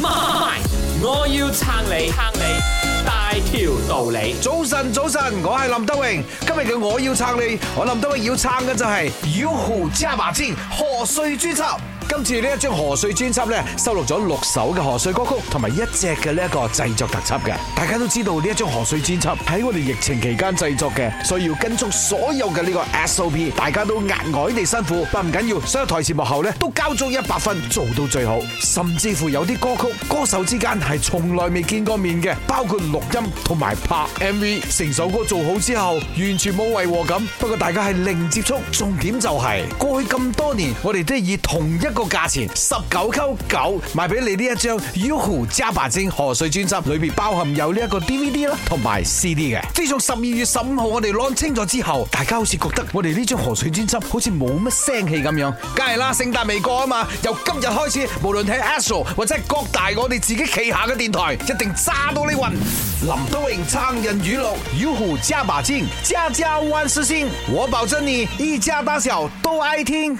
媽咪，我要撐你，撐你大條道理。早晨，早晨，我係林德榮。今日嘅我要撐你，我林德榮要撐嘅就係、是《妖狐之阿花之河水專輯》。今次呢一張賀歲專輯咧，收錄咗六首嘅賀歲歌曲，同埋一隻嘅呢一個製作特輯嘅。大家都知道呢一張賀歲專輯喺我哋疫情期間製作嘅，所以要跟足所有嘅呢個 SOP，大家都額外地辛苦，但唔緊要。所有台前幕後咧都交足一百分，做到最好。甚至乎有啲歌曲歌手之間係從來未見過面嘅，包括錄音同埋拍 MV。成首歌做好之後，完全冇違和感。不過大家係零接觸，重點就係過去咁多年，我哋都以同一個。價錢十九溝九賣俾你呢一張 Yahoo、uh、Java 精河水專輯，裏面包含有呢一個 DVD 啦，同埋 CD 嘅。自從十二月十五號我哋攞清咗之後，大家好似覺得我哋呢張河水專輯好似冇乜聲氣咁樣，梗係啦，聖誕未過啊嘛。由今日開始，無論睇 Astro 或者各大我哋自己旗下嘅電台，一定揸到你暈。林德榮撐人語錄 Yahoo、uh、Java 精家家萬事興。我保證你一家大小都愛聽。